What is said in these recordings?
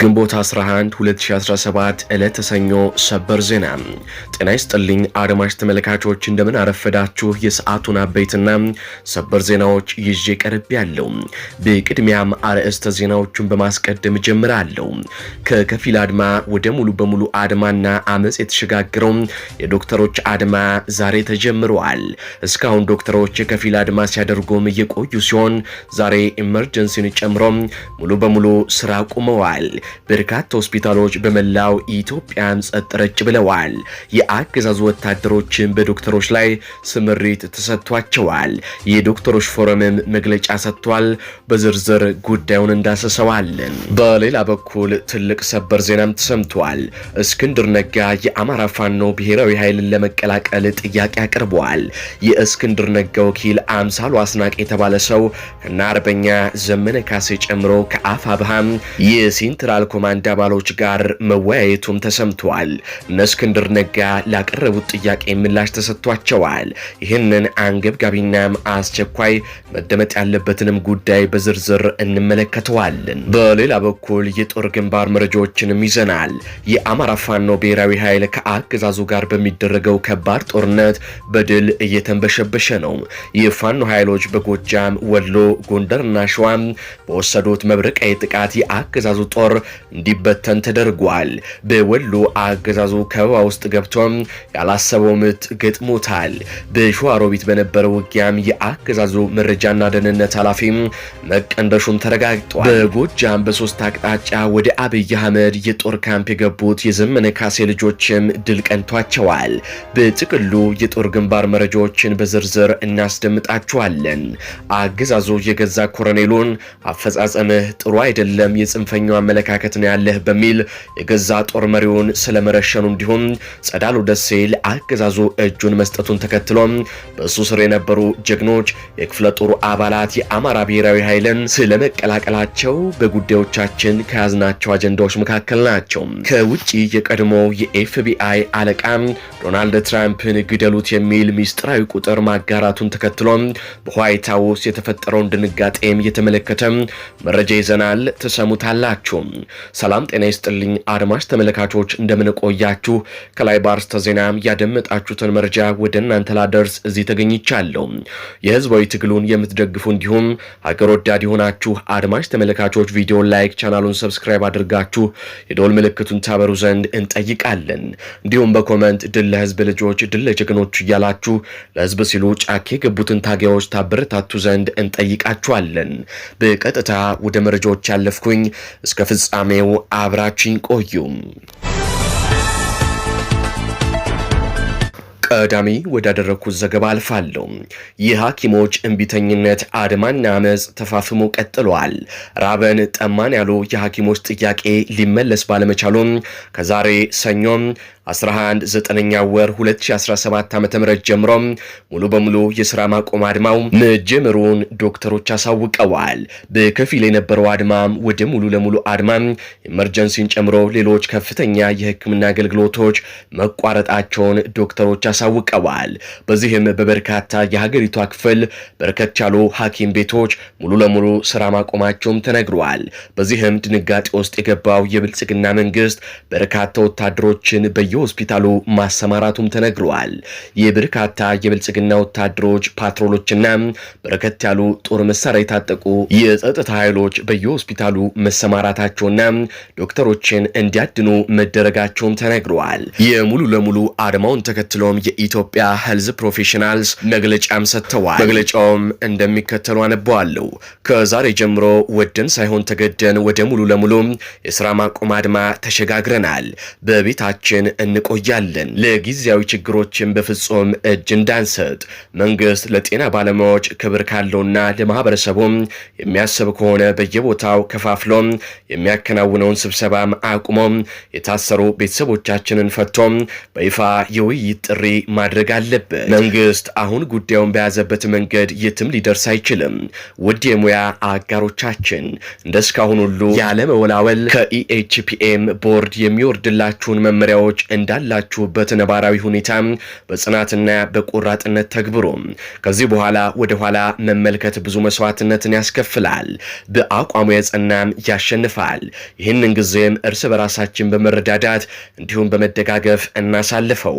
ግንቦት 11 2017 ዕለተ ሰኞ ሰበር ዜና። ጤና ይስጥልኝ አድማጭ ተመልካቾች፣ እንደምን አረፈዳችሁ። የሰዓቱን አበይትና ሰበር ዜናዎች ይዤ ቀርብ ያለው። በቅድሚያም አርዕስተ ዜናዎቹን በማስቀደም ጀምራለሁ። ከከፊል አድማ ወደ ሙሉ በሙሉ አድማና አመፅ የተሸጋገረው የዶክተሮች አድማ ዛሬ ተጀምረዋል። እስካሁን ዶክተሮች የከፊል አድማ ሲያደርጉም የቆዩ ሲሆን ዛሬ ኢመርጀንሲን ጨምሮ ሙሉ በሙሉ ስራ አቁመዋል። በርካታ ሆስፒታሎች በመላው ኢትዮጵያም ጸጥ ረጭ ብለዋል። የአገዛዙ ወታደሮችን በዶክተሮች ላይ ስምሪት ተሰጥቷቸዋል። የዶክተሮች ፎረምም መግለጫ ሰጥቷል። በዝርዝር ጉዳዩን እንዳሰሰዋለን። በሌላ በኩል ትልቅ ሰበር ዜናም ተሰምቷል። እስክንድር ነጋ የአማራ ፋኖ ብሔራዊ ኃይልን ለመቀላቀል ጥያቄ አቅርበዋል። የእስክንድር ነጋ ወኪል አምሳሉ አስናቅ የተባለ ሰው እና አርበኛ ዘመነ ካሴ ጨምሮ ከአፋ ብሃም የሴንትራ ሴንትራል ኮማንድ አባሎች ጋር መወያየቱም ተሰምቷል። እነ እስክንድር ነጋ ላቀረቡት ጥያቄ ምላሽ ተሰጥቷቸዋል። ይህንን አንገብጋቢናም አስቸኳይ መደመጥ ያለበትንም ጉዳይ በዝርዝር እንመለከተዋለን። በሌላ በኩል የጦር ግንባር መረጃዎችንም ይዘናል። የአማራ ፋኖ ብሔራዊ ኃይል ከአገዛዙ ጋር በሚደረገው ከባድ ጦርነት በድል እየተንበሸበሸ ነው። የፋኖ ኃይሎች በጎጃም፣ ወሎ፣ ጎንደርና ሸዋም በወሰዱት መብረቃዊ ጥቃት የአገዛዙ ጦር እንዲበተን ተደርጓል። በወሎ አገዛዙ ከበባ ውስጥ ገብቶም ያላሰበው ምት ገጥሞታል። በሸዋሮቢት በነበረው ውጊያም የአገዛዙ መረጃና ደህንነት ኃላፊም መቀንደሹም ተረጋግጧል። በጎጃም በሶስት አቅጣጫ ወደ አብይ አህመድ የጦር ካምፕ የገቡት የዘመነ ካሴ ልጆችም ድል ቀንቷቸዋል። በጥቅሉ የጦር ግንባር መረጃዎችን በዝርዝር እናስደምጣችኋለን። አገዛዙ የገዛ ኮረኔሉን አፈጻጸምህ ጥሩ አይደለም፣ የጽንፈኛው አመለካከት አመለካከት ነው ያለህ በሚል የገዛ ጦር መሪውን ስለመረሸኑ እንዲሁም ጸዳሉ ደሴ ለአገዛዙ እጁን መስጠቱን ተከትሎ በእሱ ስር የነበሩ ጀግኖች የክፍለ ጦሩ አባላት የአማራ ብሔራዊ ኃይልን ስለመቀላቀላቸው በጉዳዮቻችን ከያዝናቸው አጀንዳዎች መካከል ናቸው። ከውጭ የቀድሞ የኤፍቢአይ አለቃ ዶናልድ ትራምፕን ግደሉት የሚል ሚስጥራዊ ቁጥር ማጋራቱን ተከትሎ በዋይት ሀውስ የተፈጠረውን ድንጋጤም የተመለከተ መረጃ ይዘናል፣ ትሰሙታላችሁ። ሰላም ጤና ይስጥልኝ አድማጭ ተመልካቾች እንደምንቆያችሁ ከላይ ባርስተ ዜና ያደመጣችሁትን መረጃ ወደ እናንተ ላደርስ እዚህ ተገኝቻለሁ። የህዝባዊ ትግሉን የምትደግፉ እንዲሁም ሀገር ወዳድ የሆናችሁ አድማጭ ተመልካቾች ቪዲዮ ላይክ፣ ቻናሉን ሰብስክራይብ አድርጋችሁ የደወል ምልክቱን ታበሩ ዘንድ እንጠይቃለን። እንዲሁም በኮመንት ድል ለህዝብ ልጆች፣ ድል ለጀግኖች እያላችሁ ለህዝብ ሲሉ ጫካ የገቡትን ታጋዮች ታበረታቱ ዘንድ እንጠይቃችኋለን። በቀጥታ ወደ መረጃዎች ያለፍኩኝ እስከ ፍጻ ፍጻሜው አብራችኝ ቆዩም። ቀዳሚ ወዳደረግኩት ዘገባ አልፋለሁ። የሐኪሞች እንቢተኝነት አድማና አመፅ ተፋፍሞ ቀጥሏል። ራበን ጠማን ያሉ የሐኪሞች ጥያቄ ሊመለስ ባለመቻሉም ከዛሬ ሰኞም 11 9 ወር 2017 ዓ ም ጀምሮ ሙሉ በሙሉ የሥራ ማቆም አድማው መጀመሩን ዶክተሮች አሳውቀዋል። በከፊል የነበረው አድማም ወደ ሙሉ ለሙሉ አድማም ኤመርጀንሲን ጨምሮ ሌሎች ከፍተኛ የሕክምና አገልግሎቶች መቋረጣቸውን ዶክተሮች አሳውቀዋል። በዚህም በበርካታ የሀገሪቷ ክፍል በርከት ያሉ ሐኪም ቤቶች ሙሉ ለሙሉ ስራ ማቆማቸውም ተነግሯል። በዚህም ድንጋጤ ውስጥ የገባው የብልጽግና መንግስት በርካታ ወታደሮችን በየሆስፒታሉ ማሰማራቱም ተነግሯል። ይህ በርካታ የብልጽግና ወታደሮች ፓትሮሎችና በርከት ያሉ ጦር መሳሪያ የታጠቁ የጸጥታ ኃይሎች በየሆስፒታሉ መሰማራታቸውና ዶክተሮችን እንዲያድኑ መደረጋቸውም ተነግረዋል። የሙሉ ለሙሉ አድማውን ተከትሎም የኢትዮጵያ ሄልዝ ፕሮፌሽናልስ መግለጫም ሰጥተዋል። መግለጫውም እንደሚከተሉ አነበዋለሁ። ከዛሬ ጀምሮ ወደን ሳይሆን ተገደን ወደ ሙሉ ለሙሉ የስራ ማቆም አድማ ተሸጋግረናል። በቤታችን እንቆያለን። ለጊዜያዊ ችግሮችን በፍጹም እጅ እንዳንሰጥ መንግስት ለጤና ባለሙያዎች ክብር ካለውና ለማህበረሰቡም የሚያስብ ከሆነ በየቦታው ከፋፍሎም የሚያከናውነውን ስብሰባም አቁሞም የታሰሩ ቤተሰቦቻችንን ፈቶም በይፋ የውይይት ጥሪ ማድረግ አለበት። መንግስት አሁን ጉዳዩን በያዘበት መንገድ የትም ሊደርስ አይችልም። ውድ የሙያ አጋሮቻችን እንደ እስካሁን ሁሉ ያለመወላወል ከኢኤችፒኤም ቦርድ የሚወርድላችሁን መመሪያዎች እንዳላችሁበት ነባራዊ ሁኔታ በጽናትና በቆራጥነት ተግብሮ ከዚህ በኋላ ወደ ኋላ መመልከት ብዙ መስዋዕትነትን ያስከፍላል። በአቋሙ የጸናም ያሸንፋል። ይህንን ጊዜም እርስ በራሳችን በመረዳዳት እንዲሁም በመደጋገፍ እናሳልፈው።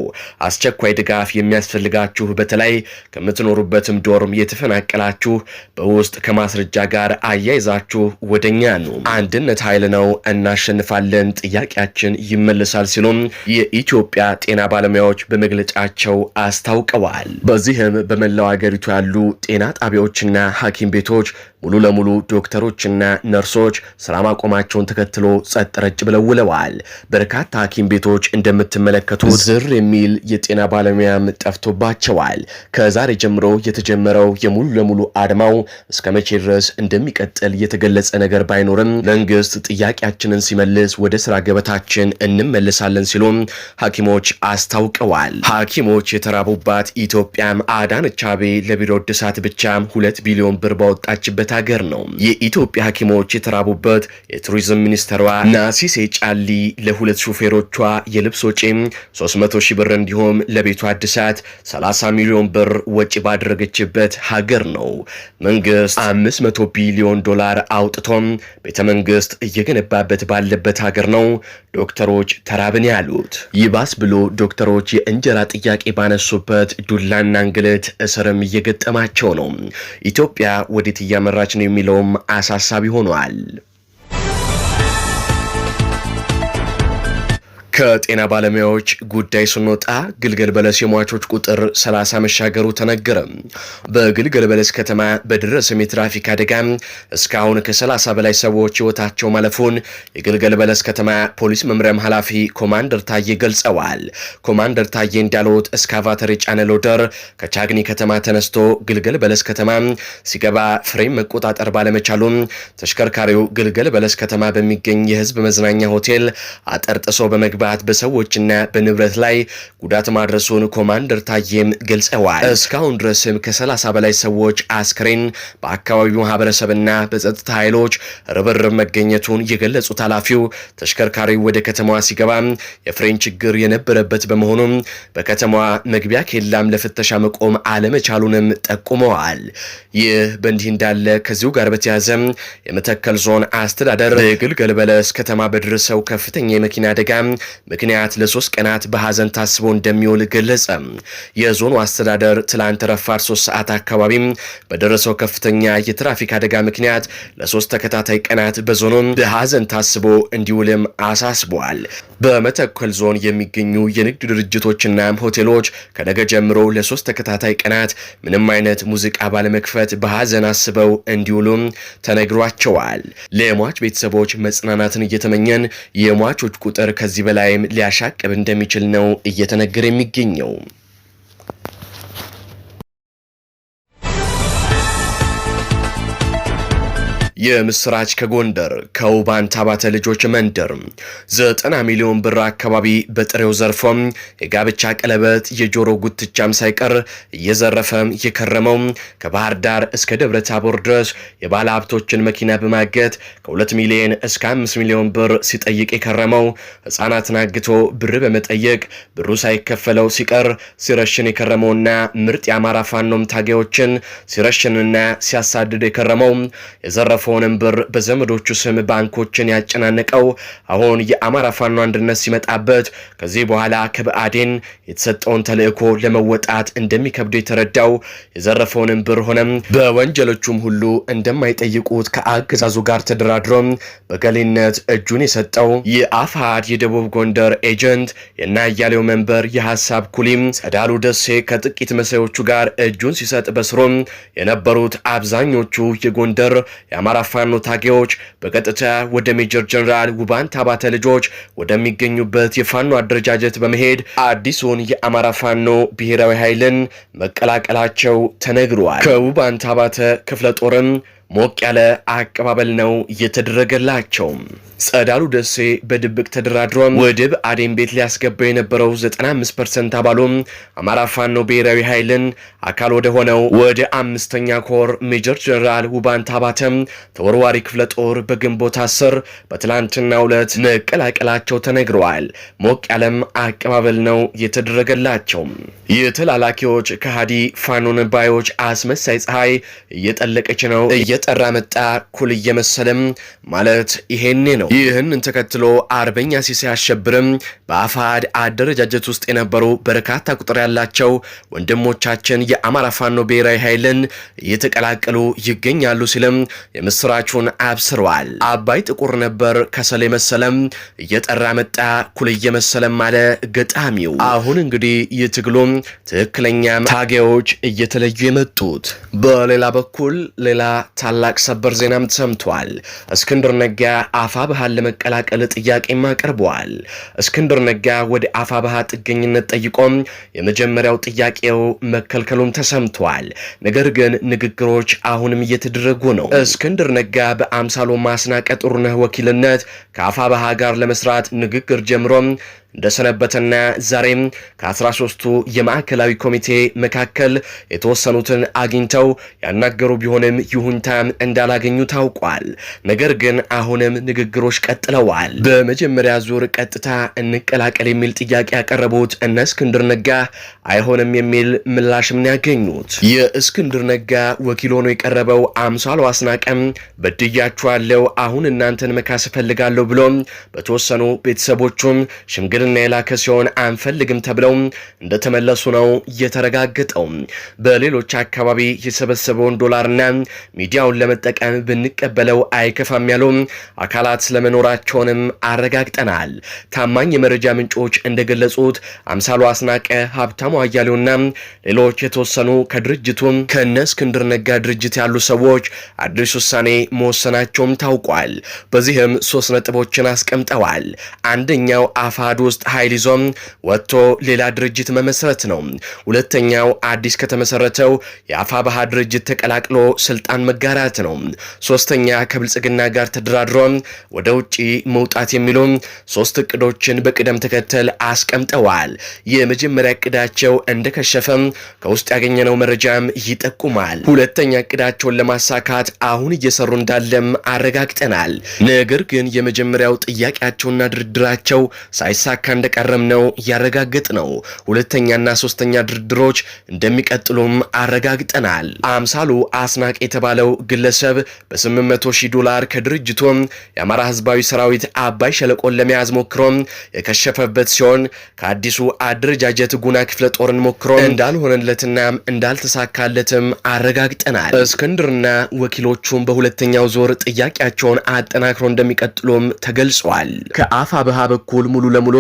አስቸኳይ አስቸኳይ ድጋፍ የሚያስፈልጋችሁ በተለይ ከምትኖሩበትም ዶርም የተፈናቀላችሁ በውስጥ ከማስረጃ ጋር አያይዛችሁ ወደኛ ነው። አንድነት ኃይል ነው፣ እናሸንፋለን፣ ጥያቄያችን ይመለሳል ሲሉም የኢትዮጵያ ጤና ባለሙያዎች በመግለጫቸው አስታውቀዋል። በዚህም በመላው አገሪቱ ያሉ ጤና ጣቢያዎችና ሐኪም ቤቶች ሙሉ ለሙሉ ዶክተሮችና ነርሶች ስራ ማቆማቸውን ተከትሎ ጸጥ ረጭ ብለው ውለዋል። በርካታ ሐኪም ቤቶች እንደምትመለከቱት ዝር የሚል የጤና ባለሙያም ጠፍቶባቸዋል። ከዛሬ ጀምሮ የተጀመረው የሙሉ ለሙሉ አድማው እስከ መቼ ድረስ እንደሚቀጥል የተገለጸ ነገር ባይኖርም መንግስት ጥያቄያችንን ሲመልስ ወደ ስራ ገበታችን እንመለሳለን ሲሉም ሐኪሞች አስታውቀዋል። ሐኪሞች የተራቡባት ኢትዮጵያም አዳነች አቤቤ ለቢሮ እድሳት ብቻ ሁለት ቢሊዮን ብር ባወጣችበት ያለበት ሀገር ነው። የኢትዮጵያ ሐኪሞች የተራቡበት የቱሪዝም ሚኒስተሯ ናሲሴ ጫሊ ለሁለት ሾፌሮቿ የልብስ ወጪም 300 ሺህ ብር እንዲሁም ለቤቱ አድሳት 30 ሚሊዮን ብር ወጪ ባደረገችበት ሀገር ነው። መንግስት 500 ቢሊዮን ዶላር አውጥቶም ቤተ መንግስት እየገነባበት ባለበት ሀገር ነው ዶክተሮች ተራብን ያሉት። ይባስ ብሎ ዶክተሮች የእንጀራ ጥያቄ ባነሱበት ዱላና እንግልት እስርም እየገጠማቸው ነው። ኢትዮጵያ ወዴት እያመራ እየሰራች ነው የሚለውም አሳሳቢ ሆኗል። ከጤና ባለሙያዎች ጉዳይ ስንወጣ ግልገል በለስ የሟቾች ቁጥር 30 መሻገሩ ተነገረ። በግልገል በለስ ከተማ በደረሰም የትራፊክ አደጋ እስካሁን ከ30 በላይ ሰዎች ህይወታቸው ማለፉን የግልገል በለስ ከተማ ፖሊስ መምሪያም ኃላፊ ኮማንደር ታዬ ገልጸዋል። ኮማንደር ታዬ እንዳሉት እስካቫተር የጫነ ሎደር ከቻግኒ ከተማ ተነስቶ ግልገል በለስ ከተማ ሲገባ ፍሬም መቆጣጠር ባለመቻሉም ተሽከርካሪው ግልገል በለስ ከተማ በሚገኝ የህዝብ መዝናኛ ሆቴል አጠርጥሶ በመግባት በመግባት በሰዎችና በንብረት ላይ ጉዳት ማድረሱን ኮማንደር ታዬም ገልጸዋል። እስካሁን ድረስም ከ30 በላይ ሰዎች አስክሬን በአካባቢው ማህበረሰብና በጸጥታ ኃይሎች ርብርብ መገኘቱን የገለጹት ኃላፊው ተሽከርካሪው ወደ ከተማዋ ሲገባ የፍሬን ችግር የነበረበት በመሆኑም በከተማዋ መግቢያ ኬላም ለፍተሻ መቆም አለመቻሉንም ጠቁመዋል። ይህ በእንዲህ እንዳለ ከዚሁ ጋር በተያዘም የመተከል ዞን አስተዳደር በግልገል በለስ ከተማ በደረሰው ከፍተኛ የመኪና አደጋ ምክንያት ለሶስት ቀናት በሐዘን ታስቦ እንደሚውል ገለጸ። የዞኑ አስተዳደር ትላንት ረፋር ሶስት ሰዓት አካባቢም በደረሰው ከፍተኛ የትራፊክ አደጋ ምክንያት ለሶስት ተከታታይ ቀናት በዞኑም በሐዘን ታስቦ እንዲውልም አሳስቧል። በመተከል ዞን የሚገኙ የንግድ ድርጅቶችና ሆቴሎች ከነገ ጀምሮ ለሶስት ተከታታይ ቀናት ምንም አይነት ሙዚቃ ባለመክፈት በሐዘን አስበው እንዲውሉም ተነግሯቸዋል። ለሟች ቤተሰቦች መጽናናትን እየተመኘን የሟቾች ቁጥር ከዚህ በላይ ጉዳይም ሊያሻቅብ እንደሚችል ነው እየተነገረ የሚገኘው። የምስራች ከጎንደር ከውባን ታባተ ልጆች መንደር ዘጠና ሚሊዮን ብር አካባቢ በጥሬው ዘርፎም የጋብቻ ቀለበት የጆሮ ጉትቻም ሳይቀር እየዘረፈ የከረመው ከባህር ዳር እስከ ደብረ ታቦር ድረስ የባለ ሀብቶችን መኪና በማገት ከሁለት ሚሊዮን እስከ አምስት ሚሊዮን ብር ሲጠይቅ የከረመው ሕፃናትን አግቶ ብር በመጠየቅ ብሩ ሳይከፈለው ሲቀር ሲረሽን የከረመውና ምርጥ የአማራ ፋኖም ታጋዮችን ሲረሽንና ሲያሳድድ የከረመው የዘረፈ ያተረፈውንም ብር በዘመዶቹ ስም ባንኮችን ያጨናነቀው አሁን የአማራ ፋኖ አንድነት ሲመጣበት ከዚህ በኋላ ከብአዴን የተሰጠውን ተልዕኮ ለመወጣት እንደሚከብደው የተረዳው የዘረፈውንም ብር ሆነም በወንጀሎቹም ሁሉ እንደማይጠይቁት ከአገዛዙ ጋር ተደራድሮም በገሌነት እጁን የሰጠው የአፋድ የደቡብ ጎንደር ኤጀንት የና መንበር የሀሳብ ኩሊም ጸዳሉ ደሴ ከጥቂት መሳዮቹ ጋር እጁን ሲሰጥ በስሮም የነበሩት አብዛኞቹ የጎንደር የአማራ የአማራ ፋኖ ታጌዎች በቀጥታ ወደ ሜጀር ጀነራል ውባን ታባተ ልጆች ወደሚገኙበት የፋኖ አደረጃጀት በመሄድ አዲሱን የአማራ ፋኖ ብሔራዊ ኃይልን መቀላቀላቸው ተነግሯል። ከውባን ታባተ ክፍለ ጦርም ሞቅ ያለ አቀባበል ነው እየተደረገላቸው። ጸዳሉ ደሴ በድብቅ ተደራድሮ ወድብ አዴን ቤት ሊያስገባው የነበረው 95 ፐርሰንት አባሉ አማራ ፋኖ ብሔራዊ ኃይልን አካል ወደ ሆነው ወደ አምስተኛ ኮር ሜጀር ጀነራል ውባንት አባተም ተወርዋሪ ክፍለ ጦር በግንቦት አስር ሁለት ዕለት መቀላቀላቸው ተነግረዋል። ሞቅ ያለም አቀባበል ነው የተደረገላቸው። የተላላኪዎች ከሃዲ ፋኖን ባዮች አስመሳይ ፀሐይ እየጠለቀች ነው እየጠራ መጣ ኩል እየመሰለም ማለት ይሄኔ ነው። ይህን ተከትሎ አርበኛ ሲሳይ አሸብርም በአፋድ አደረጃጀት ውስጥ የነበሩ በርካታ ቁጥር ያላቸው ወንድሞቻችን የአማራ ፋኖ ብሔራዊ ኃይልን እየተቀላቀሉ ይገኛሉ ሲልም የምስራቹን አብስረዋል። አባይ ጥቁር ነበር ከሰል የመሰለም እየጠራ መጣ ኩል እየመሰለም ማለ ገጣሚው። አሁን እንግዲህ የትግሉም ትክክለኛ ታጋዮች እየተለዩ የመጡት በሌላ በኩል ሌላ ታላቅ ሰበር ዜናም ተሰምቷል። እስክንድር ነጋ አፋብሃን ለመቀላቀል ጥያቄም አቅርበዋል። እስክንድር ነጋ ወደ አፋብሃ ጥገኝነት ጠይቆም የመጀመሪያው ጥያቄው መከልከሉም ተሰምቷል። ነገር ግን ንግግሮች አሁንም እየተደረጉ ነው። እስክንድር ነጋ በአምሳሎ ማስናቀ ጥሩነህ ወኪልነት ከአፋብሃ ጋር ለመስራት ንግግር ጀምሮም እንደሰነበተና ዛሬም ከ13ቱ የማዕከላዊ ኮሚቴ መካከል የተወሰኑትን አግኝተው ያናገሩ ቢሆንም ይሁንታ እንዳላገኙ ታውቋል። ነገር ግን አሁንም ንግግሮች ቀጥለዋል። በመጀመሪያ ዙር ቀጥታ እንቀላቀል የሚል ጥያቄ ያቀረቡት እነ እስክንድር ነጋ አይሆንም የሚል ምላሽም ነው ያገኙት። የእስክንድር ነጋ ወኪል ሆኖ የቀረበው አምሳሉ አስናቀም በድያችኋለሁ፣ አሁን እናንተን መካስ እፈልጋለሁ ብሎም በተወሰኑ ቤተሰቦቹም ሽምግል ውክልና የላከ ሲሆን አንፈልግም ተብለው እንደተመለሱ ነው የተረጋገጠው። በሌሎች አካባቢ የሰበሰበውን ዶላርና ሚዲያውን ለመጠቀም ብንቀበለው አይከፋም ያሉ አካላት ስለመኖራቸውንም አረጋግጠናል። ታማኝ የመረጃ ምንጮች እንደገለጹት አምሳሉ አስናቀ፣ ሀብታሙ አያሌውና ሌሎች የተወሰኑ ከድርጅቱ ከነ እስክንድር ነጋ ድርጅት ያሉ ሰዎች አዲስ ውሳኔ መወሰናቸውም ታውቋል። በዚህም ሶስት ነጥቦችን አስቀምጠዋል። አንደኛው አፋዱ ውስጥ ኃይል ይዞም ወጥቶ ሌላ ድርጅት መመስረት ነው። ሁለተኛው አዲስ ከተመሰረተው የአፋ ባህ ድርጅት ተቀላቅሎ ስልጣን መጋራት ነው። ሶስተኛ ከብልጽግና ጋር ተደራድሮ ወደ ውጭ መውጣት የሚሉ ሶስት እቅዶችን በቅደም ተከተል አስቀምጠዋል። የመጀመሪያ እቅዳቸው እንደከሸፈም ከውስጥ ያገኘነው መረጃም ይጠቁማል። ሁለተኛ እቅዳቸውን ለማሳካት አሁን እየሰሩ እንዳለም አረጋግጠናል። ነገር ግን የመጀመሪያው ጥያቄያቸውና ድርድራቸው ሳይሳ ሳይሳካ እንደቀረም ነው ያረጋገጥ ነው። ሁለተኛና ሶስተኛ ድርድሮች እንደሚቀጥሉም አረጋግጠናል። አምሳሉ አስናቅ የተባለው ግለሰብ በ800 ሺህ ዶላር ከድርጅቱም የአማራ ህዝባዊ ሰራዊት አባይ ሸለቆን ለመያዝ ሞክሮም የከሸፈበት ሲሆን ከአዲሱ አደረጃጀት ጉና ክፍለ ጦርን ሞክሮ እንዳልሆነለትና እንዳልተሳካለትም አረጋግጠናል። እስክንድርና ወኪሎቹም በሁለተኛው ዞር ጥያቄያቸውን አጠናክሮ እንደሚቀጥሉም ተገልጿል። ከአፋ በሃ በኩል ሙሉ ለሙሉ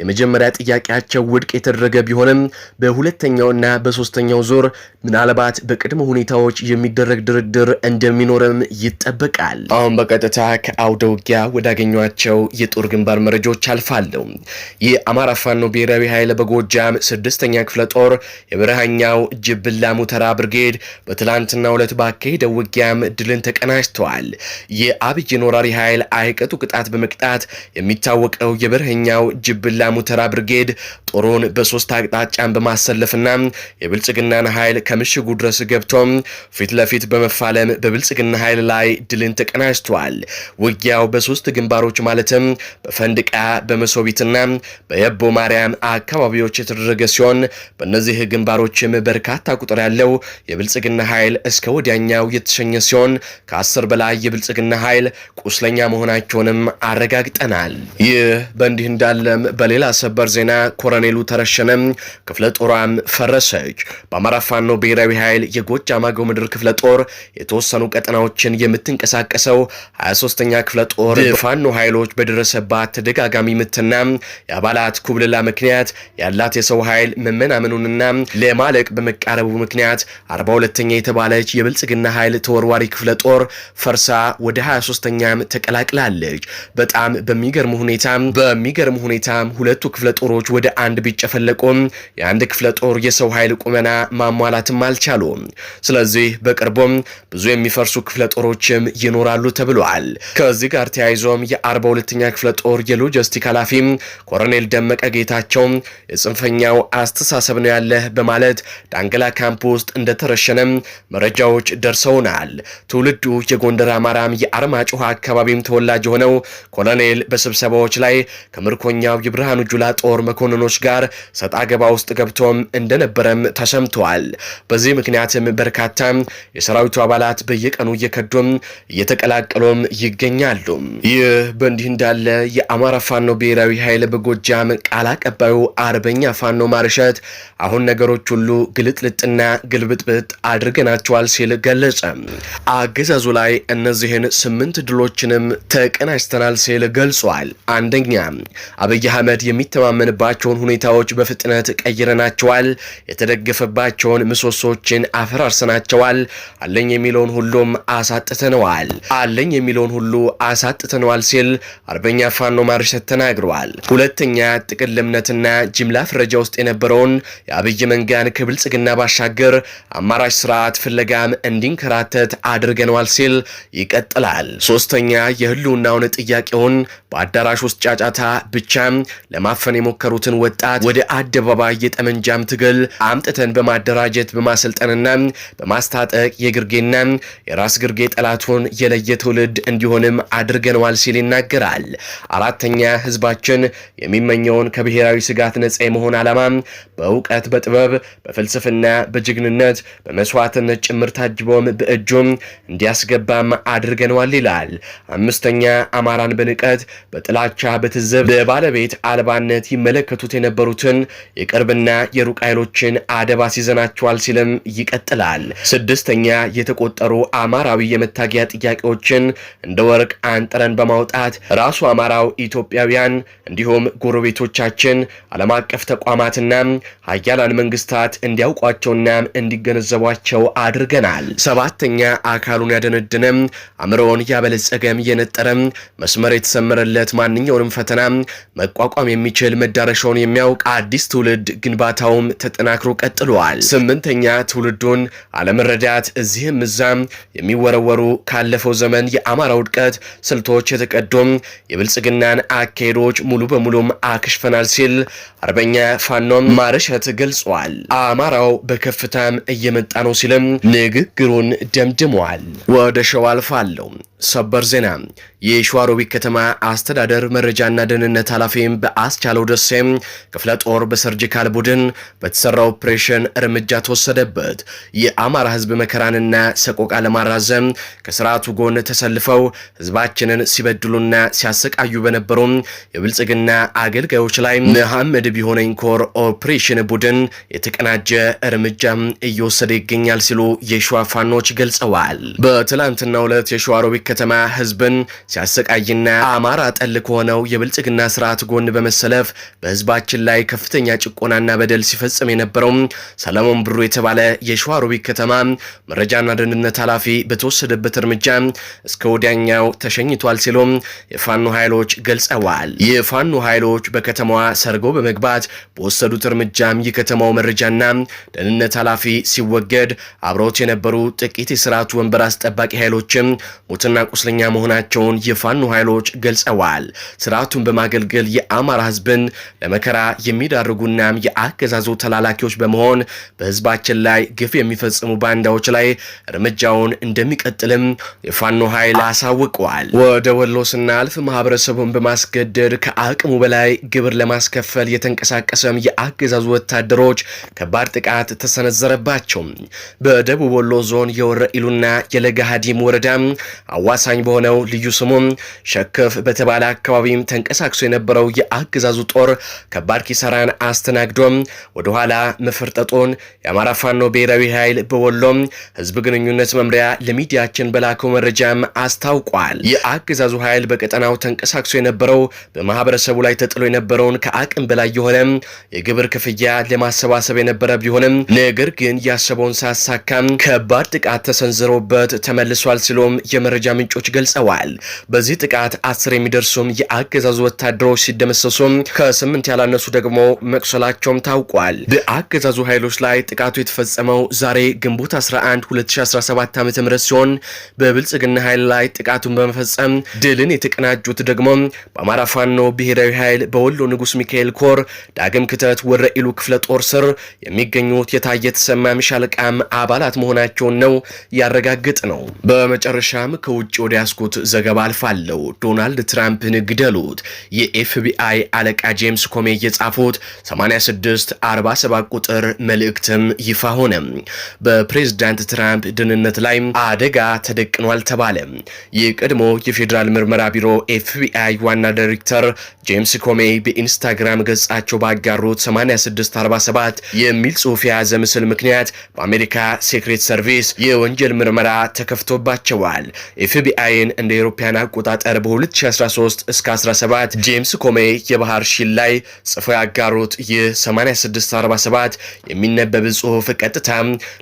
የመጀመሪያ ጥያቄያቸው ውድቅ የተደረገ ቢሆንም በሁለተኛውና በሶስተኛው ዙር ምናልባት በቅድመ ሁኔታዎች የሚደረግ ድርድር እንደሚኖርም ይጠበቃል። አሁን በቀጥታ ከአውደ ውጊያ ወዳገኟቸው የጦር ግንባር መረጃዎች አልፋለሁ። የአማራ ፋኖ ብሔራዊ ኃይል በጎጃም ስድስተኛ ክፍለ ጦር የብርሃኛው ጅብላ ሙተራ ብርጌድ በትላንትና ሁለት ባካሄደው ውጊያም ድልን ተቀናጅተዋል። የአብይ ኖራሪ ኃይል አይቀጡ ቅጣት በመቅጣት የሚታወቀው የብርሃኛው ጅብላ ሙተራ ብርጌድ ጦሩን በሶስት አቅጣጫን በማሰለፍና የብልጽግናን ኃይል ከምሽጉ ድረስ ገብቶ ፊት ለፊት በመፋለም በብልጽግና ኃይል ላይ ድልን ተቀናጅተዋል። ውጊያው በሶስት ግንባሮች ማለትም በፈንድቃ በመሶቢትና በየቦ ማርያም አካባቢዎች የተደረገ ሲሆን በእነዚህ ግንባሮችም በርካታ ቁጥር ያለው የብልጽግና ኃይል እስከ ወዲያኛው የተሸኘ ሲሆን ከአስር በላይ የብልጽግና ኃይል ቁስለኛ መሆናቸውንም አረጋግጠናል። ይህ በእንዲህ እንዳለ በሌላ ሰበር ዜና ኮረኔሉ ተረሸነም ክፍለ ጦሯም ፈረሰች። በአማራ ፋኖ ብሔራዊ ኃይል የጎጃም አገው ምድር ክፍለ ጦር የተወሰኑ ቀጠናዎችን የምትንቀሳቀሰው 23ኛ ክፍለ ጦር ፋኖ ኃይሎች በደረሰባት ተደጋጋሚ ምትና የአባላት ኩብልላ ምክንያት ያላት የሰው ኃይል መመናመኑንና ለማለቅ በመቃረቡ ምክንያት 42ኛ የተባለች የብልጽግና ኃይል ተወርዋሪ ክፍለ ጦር ፈርሳ ወደ 23ኛም ተቀላቅላለች። በጣም በሚገርም ሁኔታ በሚገርም ሁኔታ ሁኔታም ሁለቱ ክፍለ ጦሮች ወደ አንድ ቢጨፈለቁም የአንድ ክፍለ ጦር የሰው ኃይል ቁመና ማሟላትም አልቻሉም። ስለዚህ በቅርቡም ብዙ የሚፈርሱ ክፍለ ጦሮችም ይኖራሉ ተብሏል። ከዚህ ጋር ተያይዞም የአርባ ሁለተኛ ክፍለ ጦር የሎጂስቲክ ኃላፊ ኮሎኔል ደመቀ ጌታቸው የጽንፈኛው አስተሳሰብ ነው ያለህ በማለት ዳንግላ ካምፕ ውስጥ እንደተረሸነም መረጃዎች ደርሰውናል። ትውልዱ የጎንደር አማራም የአርማጭሆ አካባቢም ተወላጅ የሆነው ኮሎኔል በስብሰባዎች ላይ ከምርኮኛው የብርሃኑ ጁላ ጦር መኮንኖች ጋር ሰጣ ገባ ውስጥ ገብቶም እንደነበረም ተሰምተዋል። በዚህ ምክንያትም በርካታ የሰራዊቱ አባላት በየቀኑ እየከዱም እየተቀላቀሉም ይገኛሉ። ይህ በእንዲህ እንዳለ የአማራ ፋኖ ብሔራዊ ኃይል በጎጃም ቃል አቀባዩ አርበኛ ፋኖ ማርሸት አሁን ነገሮች ሁሉ ግልጥልጥና ግልብጥብጥ አድርገናቸዋል ሲል ገለጸ። አገዛዙ ላይ እነዚህን ስምንት ድሎችንም ተቀናጅተናል ሲል ገልጿል። አንደኛ አብይ አህመድ የሚተማመንባቸውን ሁኔታዎች በፍጥነት ቀይረናቸዋል፣ የተደገፈባቸውን ምሰሶዎችን አፈራርሰናቸዋል፣ አለኝ የሚለውን ሁሉም አሳጥተነዋል፣ አለኝ የሚለውን ሁሉ አሳጥተነዋል ሲል አርበኛ ፋኖ ማርሸት ተናግረዋል። ሁለተኛ ጥቅል እምነትና ጅምላ ፍረጃ ውስጥ የነበረውን የአብይ መንጋን ከብልጽግና ባሻገር አማራጭ ስርዓት ፍለጋም እንዲንከራተት አድርገነዋል ሲል ይቀጥላል። ሶስተኛ የህልውናውን ጥያቄውን በአዳራሽ ውስጥ ጫጫታ ብቻ ለማፈን የሞከሩትን ወጣት ወደ አደባባይ የጠመንጃም ትግል አምጥተን በማደራጀት በማሰልጠንና በማስታጠቅ የግርጌና የራስ ግርጌ ጠላቱን የለየ ትውልድ እንዲሆንም አድርገነዋል ሲል ይናገራል። አራተኛ ህዝባችን የሚመኘውን ከብሔራዊ ስጋት ነጻ የመሆን ዓላማ በእውቀት፣ በጥበብ፣ በፍልስፍና፣ በጀግንነት፣ በመስዋዕትነት ጭምር ታጅቦም በእጁም እንዲያስገባም አድርገነዋል ይላል። አምስተኛ አማራን በንቀት በጥላቻ በትዘብ በባለቤት አልባነት ይመለከቱት የነበሩትን የቅርብና የሩቅ ኃይሎችን አደብ አስይዘናቸዋል ሲልም ይቀጥላል። ስድስተኛ የተቆጠሩ አማራዊ የመታገያ ጥያቄዎችን እንደ ወርቅ አንጥረን በማውጣት ራሱ አማራው ኢትዮጵያውያን እንዲሁም ጎረቤቶቻችን ዓለም አቀፍ ተቋማትና ሀያላን መንግስታት እንዲያውቋቸውና እንዲገነዘቧቸው አድርገናል። ሰባተኛ አካሉን ያደነድነም አእምሮውን ያበለጸገም የነጠረም መስመር የተሰመረ የተፈጠረለት ማንኛውንም ፈተና መቋቋም የሚችል መዳረሻውን የሚያውቅ አዲስ ትውልድ ግንባታውም ተጠናክሮ ቀጥሏል። ስምንተኛ ትውልዱን አለመረዳት እዚህም እዛም የሚወረወሩ ካለፈው ዘመን የአማራ ውድቀት ስልቶች የተቀዱም የብልጽግናን አካሄዶች ሙሉ በሙሉም አክሽፈናል ሲል አርበኛ ፋኖም ማረሸት ገልጿል። አማራው በከፍታም እየመጣ ነው ሲልም ንግግሩን ደምድሟል። ወደ ሸዋ አልፋለሁ። ሰበር ዜና የሸዋሮቢት ከተማ አስተዳደር መረጃና ደህንነት ኃላፊም በአስቻለው ደሴም ክፍለ ጦር በሰርጂካል ቡድን በተሰራ ኦፕሬሽን እርምጃ ተወሰደበት። የአማራ ህዝብ መከራንና ሰቆቃ ለማራዘም ከስርዓቱ ጎን ተሰልፈው ህዝባችንን ሲበድሉና ሲያሰቃዩ በነበሩም የብልጽግና አገልጋዮች ላይ መሐመድ ቢሆነኝ ኮር ኦፕሬሽን ቡድን የተቀናጀ እርምጃም እየወሰደ ይገኛል ሲሉ የሸዋ ፋኖች ገልጸዋል። በትላንትናው ዕለት የሸዋ ሮቢት ከተማ ህዝብን ሲያሰቃይና አማራ ጠል ከሆነው የብልጽግና ስርዓት ጎን በመሰለፍ በህዝባችን ላይ ከፍተኛ ጭቆናና በደል ሲፈጽም የነበረው ሰለሞን ብሩ የተባለ የሸዋ ከተማ መረጃና ደህንነት ኃላፊ በተወሰደበት እርምጃ እስከ ወዲያኛው ተሸኝቷል ሲሉም የፋኖ ኃይሎች ገልጸዋል። የፋኖ ኃይሎች በከተማዋ ሰርገው በመግባት በወሰዱት እርምጃም የከተማው መረጃና ደህንነት ኃላፊ ሲወገድ አብረውት የነበሩ ጥቂት የስርዓቱ ወንበር አስጠባቂ ኃይሎችም ሞትና ቁስለኛ መሆናቸውን የፋኖ ኃይሎች ገልጸዋል። ተናግረዋል። ስርዓቱን በማገልገል የአማራ ህዝብን ለመከራ የሚዳርጉና የአገዛዙ ተላላኪዎች በመሆን በህዝባችን ላይ ግፍ የሚፈጽሙ ባንዳዎች ላይ እርምጃውን እንደሚቀጥልም የፋኖ ኃይል አሳውቀዋል። ወደ ወሎ ስናልፍ ማህበረሰቡን በማስገደድ ከአቅሙ በላይ ግብር ለማስከፈል የተንቀሳቀሰም የአገዛዙ ወታደሮች ከባድ ጥቃት ተሰነዘረባቸው። በደቡብ ወሎ ዞን የወረ ኢሉና የለጋሃዲም ወረዳ አዋሳኝ በሆነው ልዩ ስሙ ሸክፍ በተባ በተባለ አካባቢም ተንቀሳቅሶ የነበረው የአገዛዙ ጦር ከባድ ኪሳራን አስተናግዶም ወደኋላ መፈርጠጡን የአማራ ፋኖ ብሔራዊ ኃይል በወሎም ህዝብ ግንኙነት መምሪያ ለሚዲያችን በላከው መረጃም አስታውቋል። የአገዛዙ ኃይል በቀጠናው ተንቀሳቅሶ የነበረው በማህበረሰቡ ላይ ተጥሎ የነበረውን ከአቅም በላይ የሆነ የግብር ክፍያ ለማሰባሰብ የነበረ ቢሆንም ነገር ግን ያሰበውን ሳያሳካም ከባድ ጥቃት ተሰንዝሮበት ተመልሷል ሲሉም የመረጃ ምንጮች ገልጸዋል። በዚህ ጥቃት አስር የሚ የሚደርሱም የአገዛዙ ወታደሮች ሲደመሰሱ ከስምንት ያላነሱ ደግሞ መቁሰላቸውም ታውቋል። በአገዛዙ ኃይሎች ላይ ጥቃቱ የተፈጸመው ዛሬ ግንቦት 11 2017 ዓ ም ሲሆን በብልጽግና ኃይል ላይ ጥቃቱን በመፈጸም ድልን የተቀናጁት ደግሞ በአማራ ፋኖ ብሔራዊ ኃይል በወሎ ንጉስ ሚካኤል ኮር ዳግም ክተት ወረ ኢሉ ክፍለ ጦር ስር የሚገኙት የታየ የተሰማ ሻለቃም አባላት መሆናቸውን ነው ያረጋግጥ ነው። በመጨረሻም ከውጭ ወደ ያስኩት ዘገባ አልፋለሁ። ዶናልድ ትራ ትራምፕን ግደሉት የኤፍቢአይ አለቃ ጄምስ ኮሜ የጻፉት 8647 ቁጥር መልእክትም ይፋ ሆነ። በፕሬዝዳንት ትራምፕ ደህንነት ላይ አደጋ ተደቅኗል ተባለ። የቀድሞ የፌዴራል ምርመራ ቢሮ ኤፍቢአይ ዋና ዳይሬክተር ጄምስ ኮሜ በኢንስታግራም ገጻቸው ባጋሩት 8647 የሚል ጽሑፍ የያዘ ምስል ምክንያት በአሜሪካ ሴክሬት ሰርቪስ የወንጀል ምርመራ ተከፍቶባቸዋል። ኤፍቢአይን እንደ አውሮፓውያን አቆጣጠር በ2013 13 እስከ 17 ጄምስ ኮሜ የባህር ሺል ላይ ጽፈው ያጋሩት ይህ 8647 የሚነበብ ጽሁፍ ቀጥታ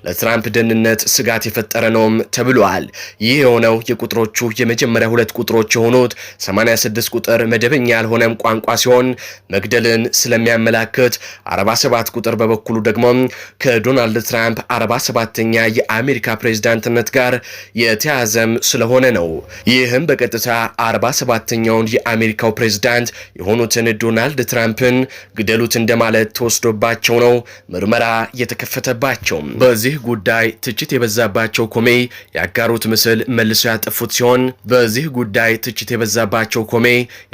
ለትራምፕ ደህንነት ስጋት የፈጠረ ነውም ተብሏል። ይህ የሆነው የቁጥሮቹ የመጀመሪያ ሁለት ቁጥሮች የሆኑት 86 ቁጥር መደበኛ ያልሆነም ቋንቋ ሲሆን መግደልን ስለሚያመላክት፣ 47 ቁጥር በበኩሉ ደግሞ ከዶናልድ ትራምፕ 47ኛ የአሜሪካ ፕሬዝዳንትነት ጋር የተያዘም ስለሆነ ነው። ይህም በቀጥታ 47 ሐሰተኛውን የአሜሪካው ፕሬዝዳንት የሆኑትን ዶናልድ ትራምፕን ግደሉት እንደማለት ተወስዶባቸው ነው ምርመራ የተከፈተባቸው። በዚህ ጉዳይ ትችት የበዛባቸው ኮሜ ያጋሩት ምስል መልሶ ያጠፉት ሲሆን በዚህ ጉዳይ ትችት የበዛባቸው ኮሜ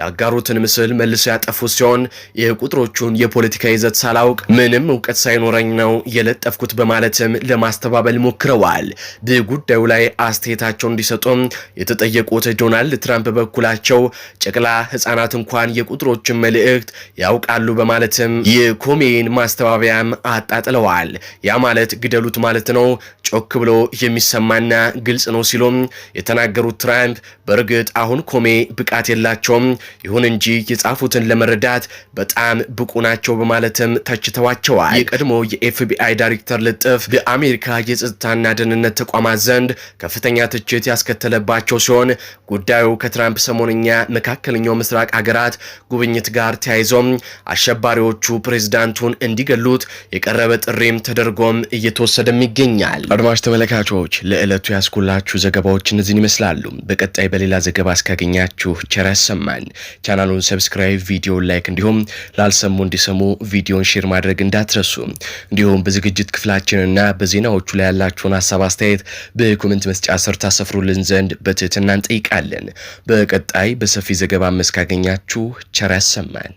ያጋሩትን ምስል መልሶ ያጠፉት ሲሆን የቁጥሮቹን የፖለቲካ ይዘት ሳላውቅ ምንም እውቀት ሳይኖረኝ ነው የለጠፍኩት በማለትም ለማስተባበል ሞክረዋል። በጉዳዩ ላይ አስተያየታቸው እንዲሰጡም የተጠየቁት ዶናልድ ትራምፕ በኩላቸው ጨቅላ ህጻናት እንኳን የቁጥሮችን መልእክት ያውቃሉ በማለትም የኮሜን ማስተባበያም አጣጥለዋል። ያ ማለት ግደሉት ማለት ነው፣ ጮክ ብሎ የሚሰማና ግልጽ ነው ሲሉም የተናገሩት ትራምፕ በእርግጥ አሁን ኮሜ ብቃት የላቸውም፣ ይሁን እንጂ የጻፉትን ለመረዳት በጣም ብቁ ናቸው በማለትም ተችተዋቸዋል። የቀድሞ የኤፍቢአይ ዳይሬክተር ልጥፍ በአሜሪካ የጸጥታና ደህንነት ተቋማት ዘንድ ከፍተኛ ትችት ያስከተለባቸው ሲሆን ጉዳዩ ከትራምፕ ሰሞንኛ መካከለኛው ምስራቅ አገራት ጉብኝት ጋር ተያይዞም አሸባሪዎቹ ፕሬዝዳንቱን እንዲገሉት የቀረበ ጥሪም ተደርጎም እየተወሰደም ይገኛል። አድማጭ ተመልካቾች ለዕለቱ ያስኩላችሁ ዘገባዎች እነዚህን ይመስላሉ። በቀጣይ በሌላ ዘገባ እስካገኛችሁ ቸር ያሰማን። ቻናሉን ሰብስክራይብ፣ ቪዲዮን ላይክ እንዲሁም ላልሰሙ እንዲሰሙ ቪዲዮን ሼር ማድረግ እንዳትረሱ። እንዲሁም በዝግጅት ክፍላችንና በዜናዎቹ ላይ ያላችሁን ሀሳብ አስተያየት በኮመንት መስጫ ስር ታሰፍሩልን ዘንድ በትህትና እንጠይቃለን። በቀጣይ ሰፊ ዘገባ እስካገኛችሁ ቸር ያሰማን።